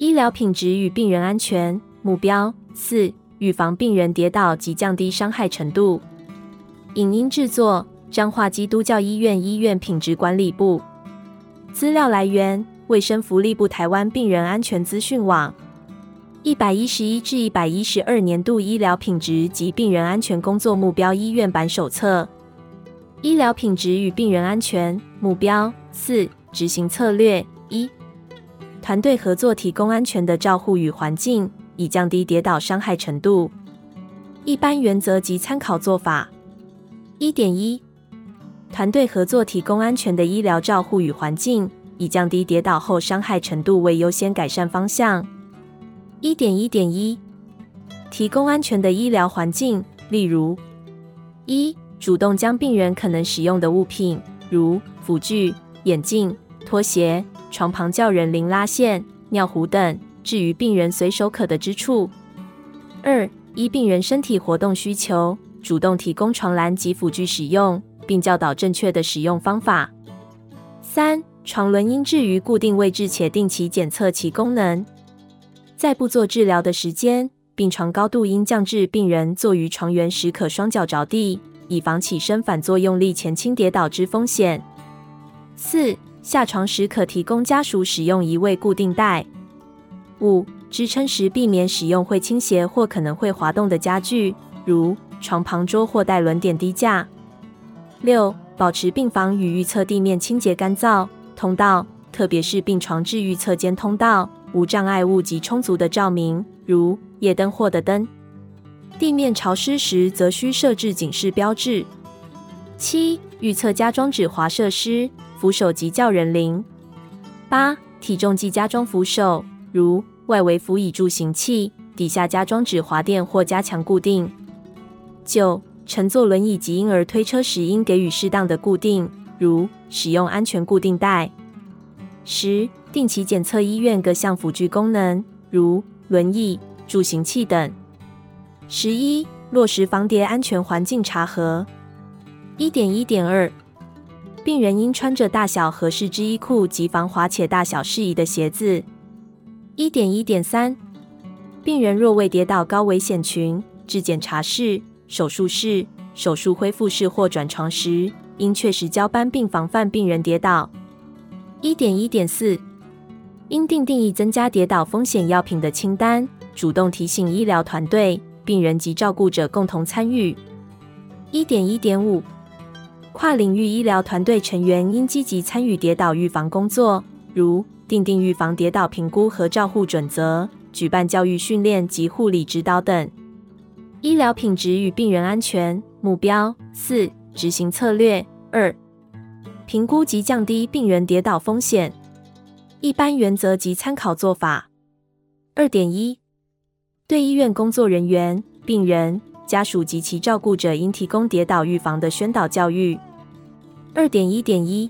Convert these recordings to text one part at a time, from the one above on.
醫療品質與病人安全目標四，預防病人跌倒及降低傷害程度。影音製作：彰化基督教醫院醫院品質管理部。資料來源：衛生福利部台灣病人安全資訊網。一百一十一至一百一十二年度醫療品質及病人安全工作目標醫院版手冊。醫療品質與病人安全目標四，執行策略一。團隊合作提供安全的照護與環境，以降低跌倒傷害程度。一般原則及參考做法：一點一，團隊合作提供安全的醫療照護與環境，以降低跌倒後傷害程度為優先改善方向。一點一點一，提供安全的醫療環境，例如：一，主動將病人可能使用的物品，如輔具、眼鏡、拖鞋。床旁叫人鈴拉線、尿壺等置於病人隨手可得之處。二、依病人身體活動需求，主動提供床欄及輔具使用，並教導正確的使用方法。三、床輪應置於固定位置，且定期檢測其功能。在不做治療的時間，病床高度應降至病人坐於床緣時可雙腳着地，以防起身反作用力前傾跌倒之風險。四、下床時可提供家屬使用移位固定帶。五、支撐時避免使用會傾斜或可能會滑動的家具，如床旁桌或帶輪點滴架。六、保持病房與浴室地面清潔乾燥，通道特別是病床至浴室間通道無障礙物及充足的照明，如夜燈或的燈。地面潮濕時則需設置警示標誌。七、浴室加裝止滑設施。扶手及叫人鈴。八、體重計加裝扶手，如外圍扶椅、助行器底下加裝止滑墊或加強固定。九、乘坐輪椅及嬰兒推車時，應給予適當的固定，如使用安全固定帶。十、定期檢測醫院各項輔具功能，如輪椅、助行器等。十一、落實防跌安全環境查核。一點一點二。病人應穿着大小合適之衣褲及防滑且大小適宜的鞋子。一點一點三，病人若未跌倒高危險群至檢查室、手術室、手術恢復室或轉床時，應確實交班並防範病人跌倒。一點一點四，應訂定增加跌倒風險藥品的清單，主動提醒醫療團隊、病人及照顧者共同參與。一點一點五。跨領域醫療團隊成員應積極參與跌倒預防工作，如訂定，定預防跌倒評估和照護準則、舉辦教育訓練及護理指導等。醫療品質與病人安全目標四執行策略二：2，評估及降低病人跌倒風險。一般原則及參考做法二點一：1，對醫院工作人員、病人，家屬及其照顧者應提供跌倒預防的宣導教育。二點一點一，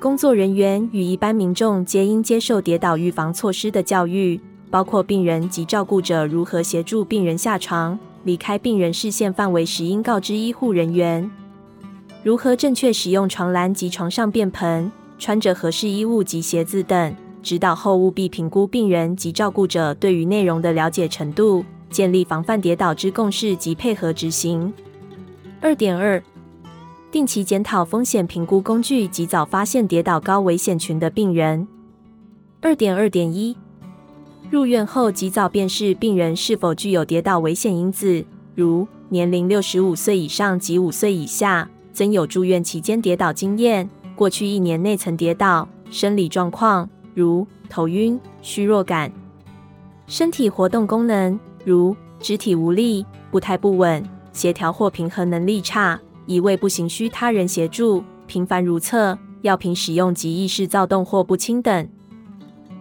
工作人員與一般民眾皆應接受跌倒預防措施的教育，包括病人及照顧者如何協助病人下床、離開病人視線範圍時應告知醫護人員、如何正確使用床欄及床上便盆、穿着合適衣物及鞋子等。指導後務必評估病人及照顧者對於內容的了解程度。建立防範跌倒之共識及配合執行。二點二，定期檢討風險評估工具，及早發現跌倒高危險群的病人。二點二點一，入院後及早辨識病人是否具有跌倒危險因子，如年齡六十五歲以上及五歲以下，曾有住院期間跌倒經驗，過去一年內曾跌倒，生理狀況如頭暈、虛弱感，身體活動功能。如肢體無力、步態不穩、協調或平衡能力差、移位不行需他人協助、頻繁如廁、藥品使用及意識躁動或不清等，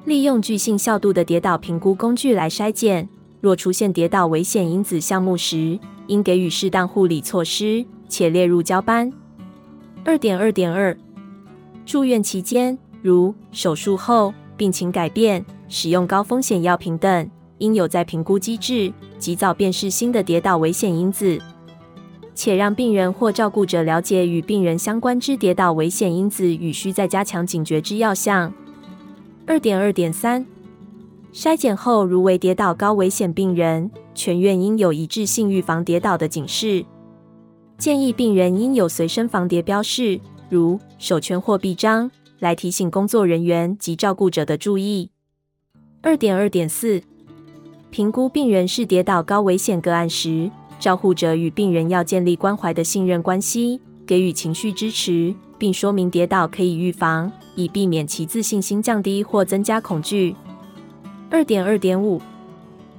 利用具性效度的跌倒評估工具來篩檢。若出現跌倒危險因子項目時，應給予適當護理措施，且列入交班。二點二點二，住院期間如手術後、病情改變、使用高風險藥品等。應有在評估機制，及早辨識新的跌倒危險因子，且讓病人或照顧者了解與病人相關之跌倒危險因子與需再加強警覺之要項。二點二點三，篩檢後如為跌倒高危險病人，全院應有一致性預防跌倒的警示。建議病人應有隨身防跌標示，如手圈或臂章，來提醒工作人員及照顧者的注意。二點二點四。評估病人是跌倒高危險個案時，照護者與病人要建立關懷的信任關係，給予情緒支持，並說明跌倒可以預防，以避免其自信心降低或增加恐懼。二點二點五，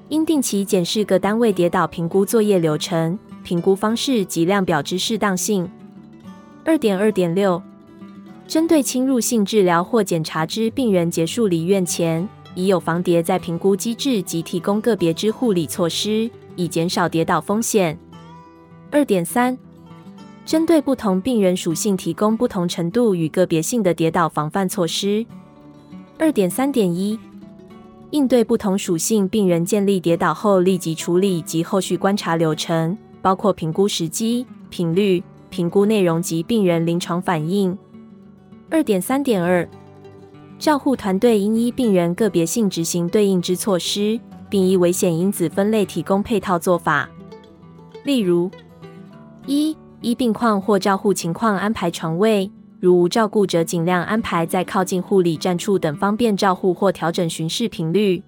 應定期檢視各單位跌倒評估作業流程、評估方式及量表之適當性。二點二點六，針對侵入性治療或檢查之病人結束離院前。已有防跌再評估機制及提供個別之護理措施，以減少跌倒風險。二點三，針對不同病人屬性提供不同程度與個別性的跌倒防範措施。二點三點一，應對不同屬性病人建立跌倒後立即處理及後續觀察流程，包括評估時機、頻率、評估內容及病人臨床反應。二點三點二。照護團隊應依病人個別性執行對應之措施，並依危險因子分類提供配套做法。例如：一、依病況或照護情況安排床位，如無照顧者，盡量安排在靠近護理站處等方便照護；或調整巡視頻率。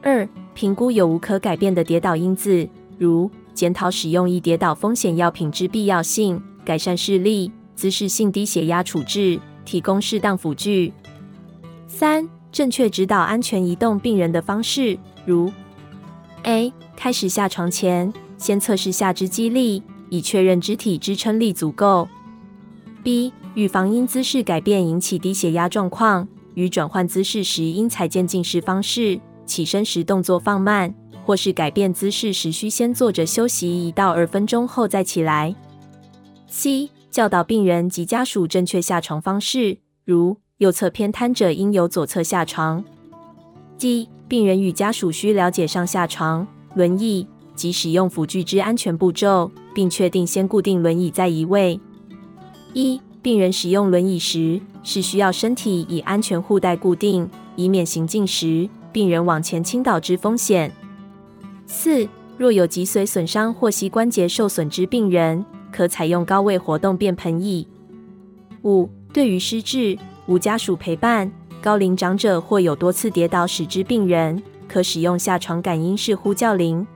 二、評估有無可改變的跌倒因子，如檢討使用易跌倒風險藥品之必要性，改善視力、姿勢性低血壓處置，提供適當輔具。三、正確指導安全移動病人的方式，如：A. 開始下床前，先測試下肢肌力，以確認肢體支撐力足夠。B. 預防因姿勢改變引起低血壓狀況，於轉換姿勢時應採取漸進式方式，起身時動作放慢，或是改變姿勢時需先坐着休息一到二分鐘後再起來。C. 教導病人及家屬正確下床方式，如，右側偏癱者應由左側下床。一、病人與家屬需了解上下床、輪椅及使用輔具之安全步驟，並確定先固定輪椅再移位。一、病人使用輪椅時，是需要身體以安全護帶固定，以免行進時病人往前傾倒之風險。四、若有脊髓損傷或膝關節受損之病人，可採用高位活動便盆椅。五、對於失智。無家屬陪伴、高齡長者或有多次跌倒史之病人，可使用下床感應式呼叫鈴。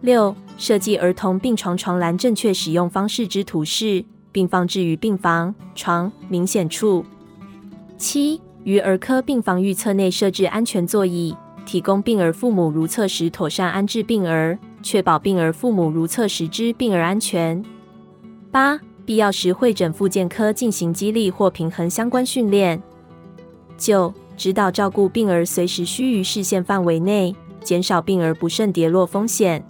六、設計兒童病床床欄正確使用方式之圖示，並放置於病房床明顯處。七、於兒科病房浴室內設置安全座椅，提供病兒父母如廁時妥善安置病兒，確保病兒父母如廁時之病兒安全。八。必要時會診復健科進行肌力或平衡相關訓練。九、指導照顧病人隨時須於視線範圍內，減少病人不慎跌落風險。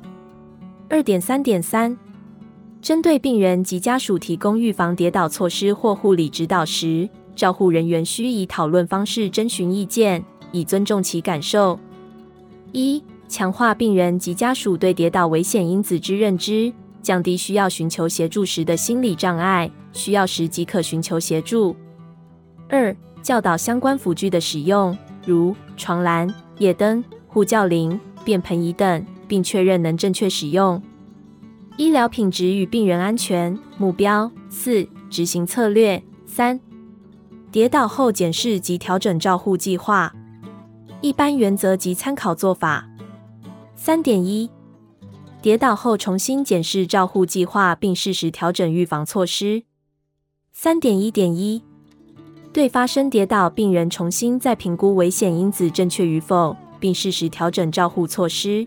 二點三點三，針對病人及家屬提供預防跌倒措施或護理指導時，照護人員需以討論方式徵詢意見，以尊重其感受。一、強化病人及家屬對跌倒危險因子之認知。降低需要尋求協助時的心理障礙，需要時即可尋求協助。二、教導相關輔具的使用，如床欄、夜燈、呼叫鈴、便盆椅等，並確認能正確使用。醫療品質與病人安全目標四、執行策略三、跌倒後檢視及調整照護計劃。一般原則及參考做法三點一。跌倒後重新檢視照護計劃，並適時調整預防措施。三點一點一對發生跌倒病人重新再評估危險因子正確與否，並適時調整照護措施。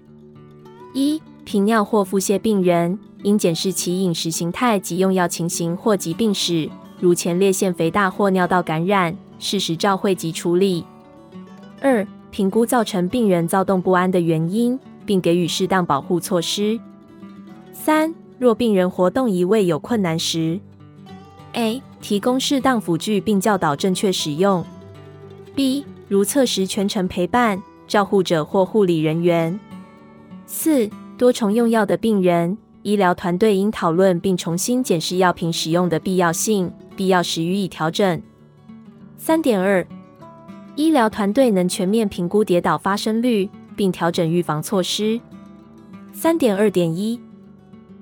一頻尿或腹瀉病人應檢視其飲食形態及用藥情形或疾病史，如前列腺肥大或尿道感染，適時照會及處理。二評估造成病人躁動不安的原因。並給予適當保護措施。三、若病人活動移位有困難時，a、提供適當輔具並教導正確使用；b、如廁時全程陪伴，照護者或護理人員。四、多重用藥的病人，醫療團隊應討論並重新檢視藥品使用的必要性，必要時予以調整。三點二、醫療團隊能全面評估跌倒發生率。並調整預防措施。三點二點一，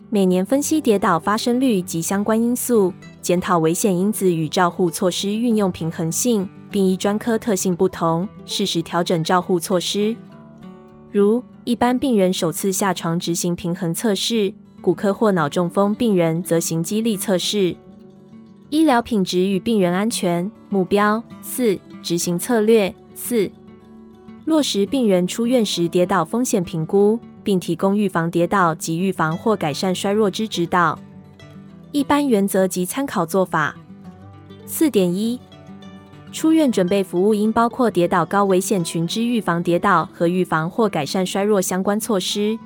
每年分析跌倒發生率及相關因素，檢討危險因子與照護措施運用平衡性，並依專科特性不同，適時調整照護措施。如一般病人首次下床執行平衡測試，骨科或腦中風病人則行肌力測試。醫療品質與病人安全目標四，四，執行策略四。落實病人出院時跌倒風險評估，並提供預防跌倒及預防或改善衰弱之指導。一般原則及參考做法：四點一，出院準備服務應包括跌倒高危險群之預防跌倒和預防或改善衰弱相關措施。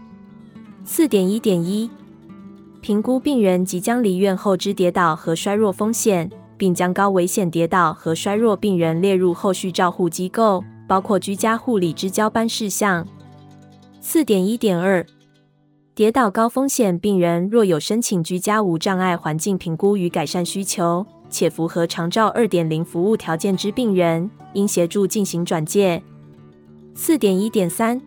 四點一點一，評估病人即將離院後之跌倒和衰弱風險，並將高危險跌倒和衰弱病人列入後續照護機構。包括居家護理之交班事項。四點一點二，跌倒高風險病人若有申請居家無障礙環境評估與改善需求，且符合長照二點零服務條件之病人，應協助進行轉介。四點一點三，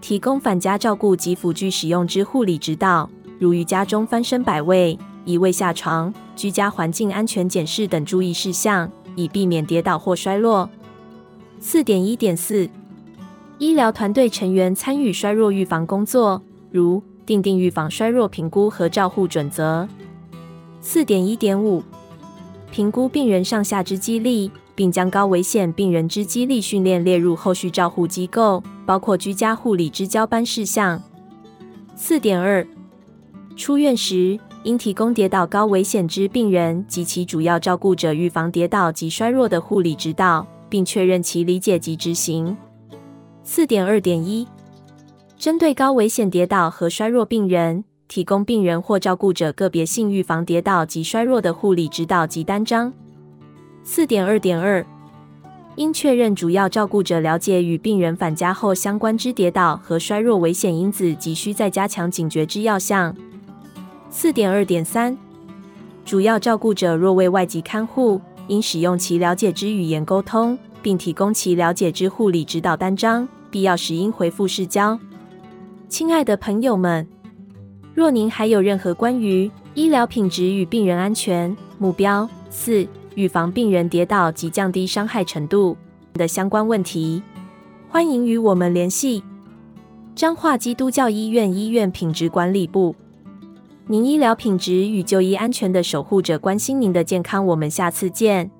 提供返家照顧及輔具使用之護理指導，如於家中翻身擺位、移位下床、居家環境安全檢視等注意事項，以避免跌倒或摔落。四點一點四，1> 4. 1. 4. 醫療團隊成員參與衰弱預防工作，如訂定預防衰弱評估和照護準則。四點一點五，評估病人上下肢肌力，並將高危險病人之肌力訓練列入後續照護機構，包括居家護理之交班事項。四點二，出院時應提供跌倒高危險之病人及其主要照顧者預防跌倒及衰弱的護理指導。並確認其理解及執行。四點二點一，針對高危險跌倒和衰弱病人，提供病人或照顧者個別性預防跌倒及衰弱的護理指導及單張。四點二點二，應確認主要照顧者了解與病人返家後相關之跌倒和衰弱危險因子及需再加強警覺之要項。四點二點三，主要照顧者若為外籍看護。應使用其了解之語言溝通，並提供其了解之護理指導單張。必要時應回復示教。親愛的朋友們，若您還有任何關於醫療品質與病人安全目標四預防病人跌倒及降低傷害程度的相關問題，歡迎與我們聯繫。彰化基督教醫院醫院品質管理部。您醫療品質與就醫安全的守護者，關心您的健康。我們下次見。